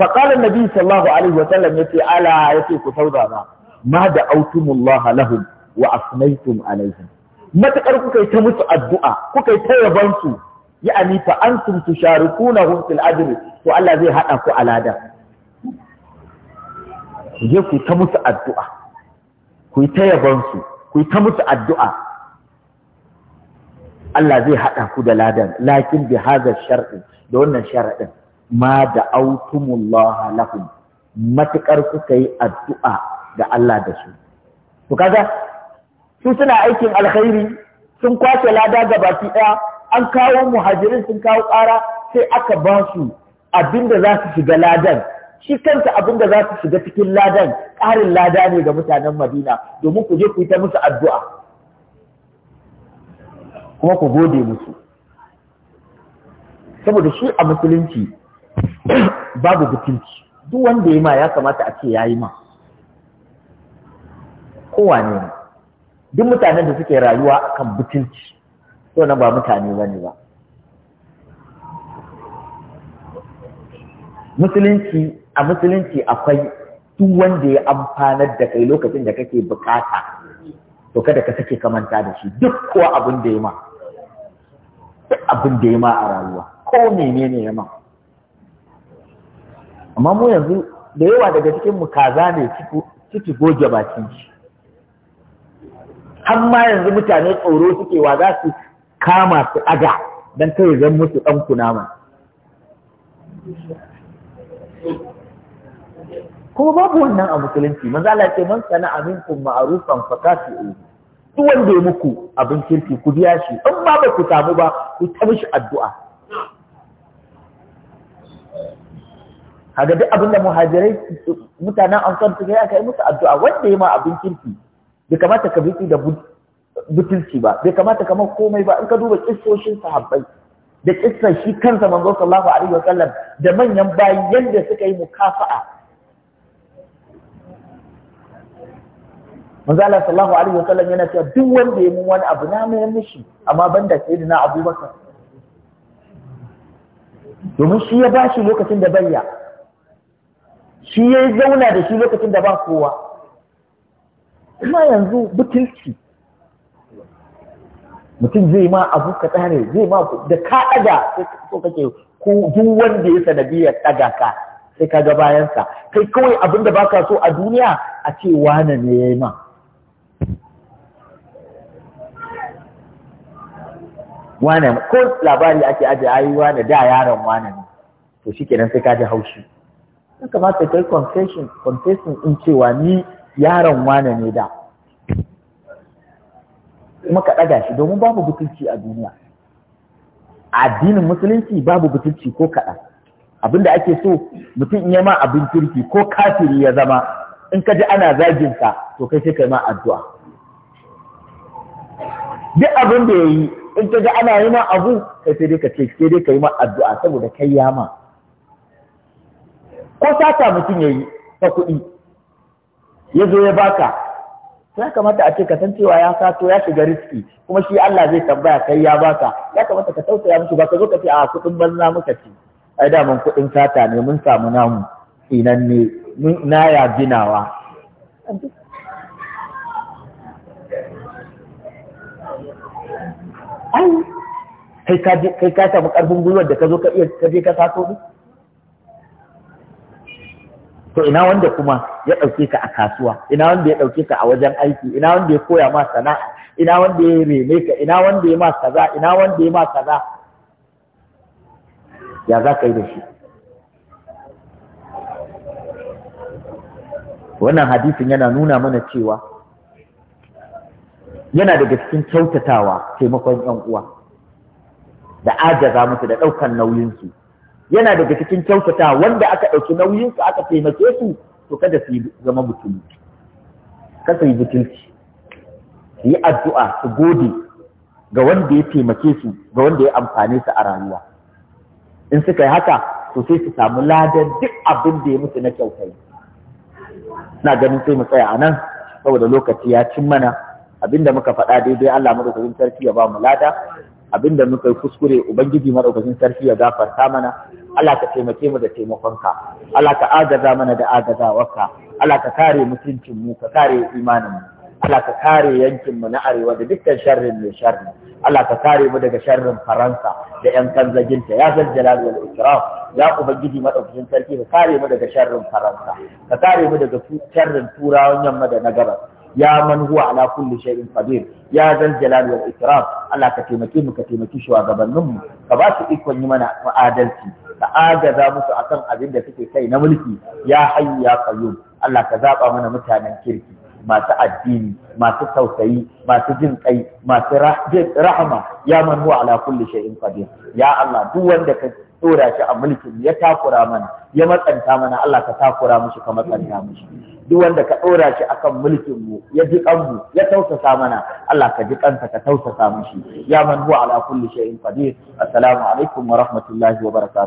fa qala annabi sallallahu alaihi wa sallam yace ala yace ku saurara ma da autumullaha lahum wa asnaytum alaihim matakar kuka yi ta musu addu'a kuka yi ta yabansu ya'ani fa antum tusharikunahum fil ajri to Allah zai hada ku alada ku je ku musu addu'a ku yi ta ta musu addu'a Allah zai hada ku da ladan lakin bi hadha shar'i da wannan sharadin ma da matukar kuka yi addu'a Allah da su to kaga su suna aikin alkhairi sun kwashe lada gabaki daya an kawo muhajirin sun kawo ƙara sai aka ba su abin da za su shiga ladan shi kanta abin da za su shiga cikin ladan ƙarin lada ne ga mutanen madina domin ku je ku yi ta musu addu'a kuma ku gode musu saboda shi a musulunci <clears throat> babu butunci duk wanda ya ma ya kamata a ce ya yi ma kowane ne duk mutanen da suke rayuwa akan butunci na ba mutane ba ne ba musulunci a musulunci akwai duk wanda ya amfanar da kai lokacin da kake bukata to kada ka sake kamanta da shi duk kuwa abin da ya ma duk abin da ya ma a rayuwa ko menene ya ma amma mu yanzu da yawa daga cikin mu kaza ne ciki goge bakin shi har ma yanzu mutane tsoro suke wa za su kama su aga don kai zan musu ɗan kunama kuma babu wannan a musulunci manzo Allah ce man ma'arufan faka su yi. duk wanda ya muku abin kirki ku biya shi in ba ba ku samu ba ku ta mishi addu'a kaga duk abin da muhajirai mutanen ansar suka yi aka yi musu addu'a wanda ya ma abin kirki bai kamata ka bi su da butulci ba bai kamata kamar komai ba in ka duba kissoshin sahabbai da kissan shi kansa manzo sallallahu alaihi wasallam da manyan bayi yanda suka yi mukafa'a manzo Allah sallallahu alaihi wasallam yana cewa duk wanda ya mun wani abu na mai mishi amma banda sayyidina Abubakar domin shi ya bashi lokacin da bayya shi ya zauna da shi lokacin da ba kowa kuma yanzu butulci mutum zai ma abu ka tsare zai ma da ka ɗaga sai kake ko duk wanda ya sanadiyar ɗaga ka sai ka ga bayansa kai kawai abin da baka so a duniya a ce wane ne ya yi ma wane ko labari ake aje ayi wane da yaron wane ne to shikenan sai ka ji haushi ya kamata kai confession confession in cewa ni yaron wane ne da kuma ka ɗaga shi domin babu butulci a duniya A addinin musulunci babu butulci ko kaɗan abin da ake so mutum in ya ma abin kirki ko kafiri ya zama in ka ji ana zagin ka to kai sai kai ma addu'a duk abin da ya yi in ka ji ana yi ma abu kai sai dai ka ce sai dai ka yi ma addu'a saboda kai ya ma ko sata mutum ya yi ta kuɗi ya zo ya baka ya kamata a ce ka san cewa ya sato ya shiga riski kuma shi Allah zai tambaya kai ya baka ya kamata ka tausaya musu ba ka zo ka ce a kuɗin banza muka ci ai da mun kuɗin sata ne mun samu namu sinan ne na ya ginawa kai ka samu karfin gwiwar da ka zo ka iya ka je ka sato ne to ina wanda kuma ya ɗauke ka a kasuwa ina wanda ya ɗauke ka a wajen aiki ina wanda ya koya ma sana'a ina wanda ya rene ka ina wanda ya ma kaza ina wanda ya ma kaza ya za ka yi da shi wannan hadisin yana nuna mana cewa yana daga cikin kyautatawa taimakon 'yan uwa da ajaza musu da ɗaukan nauyinsu yana daga cikin kyautata wanda aka ɗauki nauyinsu aka taimake su to kada su yi zama mutum kasa yi mutunci su yi addu'a su gode ga wanda ya taimake su ga wanda ya amfane su a rayuwa in suka yi haka to sai su samu ladan duk abin da ya mutu na kyautai na ganin sai mu tsaya a nan saboda lokaci ya cin mana abinda muka faɗa daidai Allah madaukakin sarki ya ba mu lada abinda muka yi kuskure ubangiji madaukakin sarki ya gafarta mana Allah ka taimake mu da taimakonka Allah ka agaza mana da agazawarka Allah ka kare mutuncin mu ka kare imanin mu Allah ka kare yankin mu na arewa da dukkan sharrin mai sharri Allah ka kare mu daga sharrin Faransa da ƴan kanzaginta ya zan jalal wal ikram ya ubangiji madaukakin sarki ka kare mu daga sharrin Faransa ka kare mu daga sharrin turawan yamma da na gabas ya man huwa ala kulli shay'in ya zal jalal wal Allah ka taimake mu ka taimaki shugabannin mu ka ba su ikon yi mana adalci ka agaza musu kan abin da suke kai na mulki ya haihu ya qayyum Allah ka zaɓa mana mutanen kirki masu addini masu tausayi masu jin kai masu rahama ya man huwa ala kulli shay'in qadir ya Allah duk wanda ka dora shi a mulkin ya takura mana ya matsanta mana Allah ka takura mushi ka matsanta mushi duk wanda ka dora shi akan mulkin mu ya ji ya tausasa mana Allah ka ji ka tausasa mushi ya man huwa ala kulli shay'in qadir assalamu alaikum wa rahmatullahi wa barakatuh